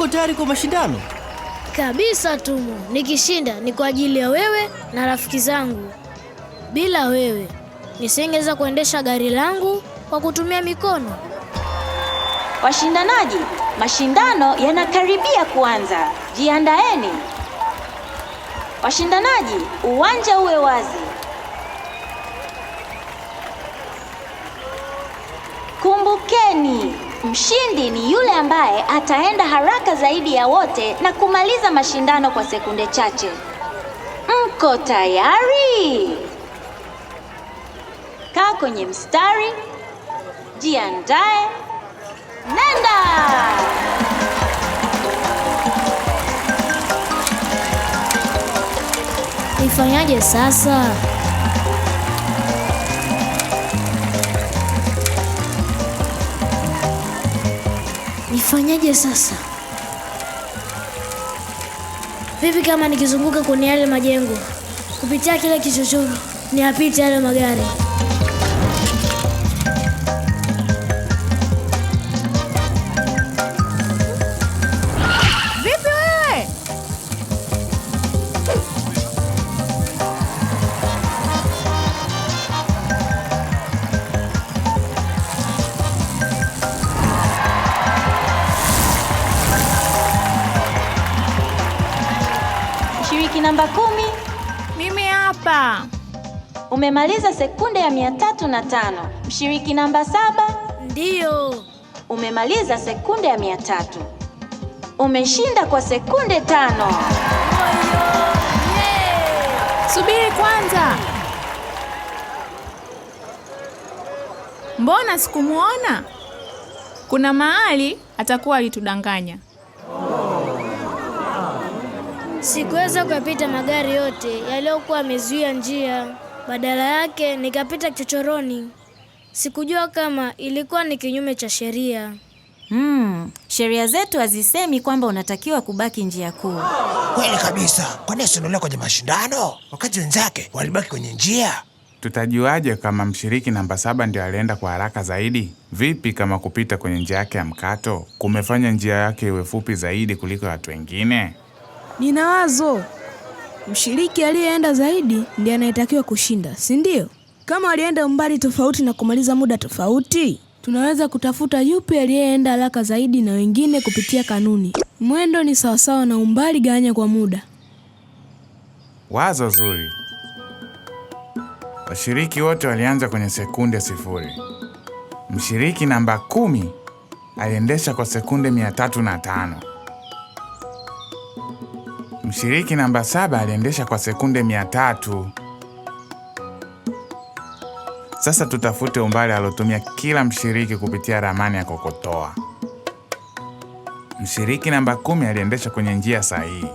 uko tayari kwa mashindano? Kabisa Tumo, nikishinda ni kwa ajili ya wewe na rafiki zangu. Bila wewe nisingeweza kuendesha gari langu kwa kutumia mikono. Washindanaji, mashindano yanakaribia kuanza, jiandaeni. Washindanaji, uwanja uwe wazi. Kumbukeni, mshindi ni yule ambaye ataenda haraka zaidi ya wote na kumaliza mashindano kwa sekunde chache. Mko tayari? Kaa kwenye mstari, jiandae, nenda! Nifanyaje sasa? Fanyaje sasa? Vipi kama nikizunguka kwenye yale majengo kupitia kile kichochoro, niyapite yale magari? namba kumi. Mimi hapa. Umemaliza sekunde ya mia tatu na tano. Mshiriki namba saba. Ndiyo. Umemaliza sekunde ya mia tatu. Umeshinda kwa sekunde tano. Subiri kwanza. Mbona sikumwona? Kuna mahali atakuwa alitudanganya. Sikuweza kuyapita magari yote yaliyokuwa yamezuia njia, badala yake nikapita kichochoroni. Sikujua kama ilikuwa ni kinyume cha sheria. Mm, sheria zetu hazisemi kwamba unatakiwa kubaki njia kuu. Kweli kabisa. Kwa nini usiondolewa kwenye mashindano wakati wenzake walibaki kwenye njia? Tutajuaje kama mshiriki namba saba ndio alienda kwa haraka zaidi? Vipi kama kupita kwenye njia yake ya mkato kumefanya njia yake iwe fupi zaidi kuliko watu wengine? Nina wazo, mshiriki aliyeenda zaidi ndiye anayetakiwa kushinda, si ndio? Kama alienda umbali tofauti na kumaliza muda tofauti, tunaweza kutafuta yupi aliyeenda haraka zaidi na wengine kupitia kanuni. Mwendo ni sawasawa na umbali ganya kwa muda. Wazo zuri. Washiriki wote walianza kwenye sekunde sifuri. Mshiriki namba kumi aliendesha kwa sekunde mia tatu na tano. Mshiriki namba saba aliendesha kwa sekunde mia tatu. Sasa tutafute umbali aliotumia kila mshiriki kupitia ramani ya kokotoa. Mshiriki namba kumi aliendesha kwenye njia sahihi.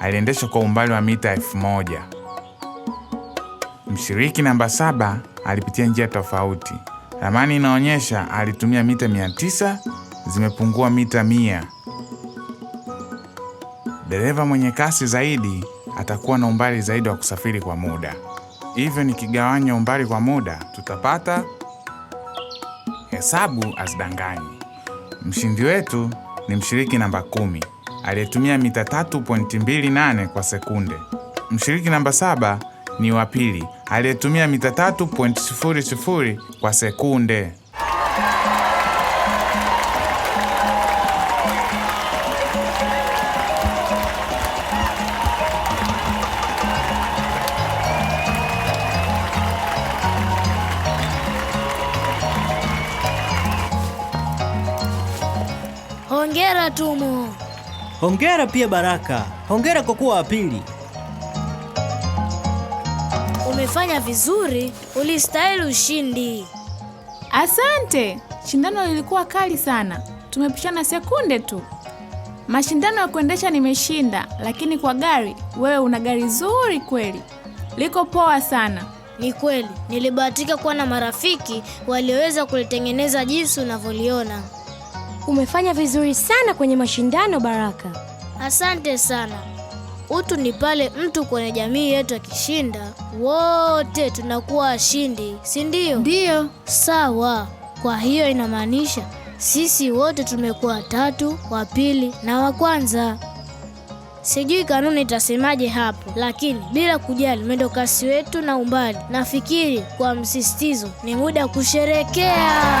Aliendesha kwa umbali wa mita elfu moja. Mshiriki namba saba alipitia njia tofauti. Ramani inaonyesha alitumia mita mia tisa, zimepungua mita mia. Dereva mwenye kasi zaidi atakuwa na umbali zaidi wa kusafiri kwa muda. Hivyo nikigawanya umbali kwa muda tutapata hesabu azidanganyi. Mshindi wetu ni mshiriki namba kumi aliyetumia mita 3.28 kwa sekunde. Mshiriki namba saba ni wa pili aliyetumia mita 3.00 kwa sekunde. Hongera Tumo. Hongera pia Baraka. Hongera kwa kuwa wa pili. Umefanya vizuri, ulistahili ushindi. Asante. Shindano lilikuwa kali sana, tumepishana sekunde tu. Mashindano ya kuendesha nimeshinda, lakini kwa gari, wewe una gari zuri kweli, liko poa sana. Ni kweli, nilibahatika kuwa na marafiki walioweza kulitengeneza jinsi unavyoliona. Umefanya vizuri sana kwenye mashindano Baraka. Asante sana. Utu ni pale mtu kwenye jamii yetu akishinda, wote tunakuwa washindi, si ndio? Ndio. Sawa. Kwa hiyo inamaanisha sisi wote tumekuwa watatu, wa pili na wa kwanza. Sijui kanuni itasemaje hapo, lakini bila kujali mwendo kasi wetu na umbali, nafikiri kwa msisitizo ni muda kusherekea.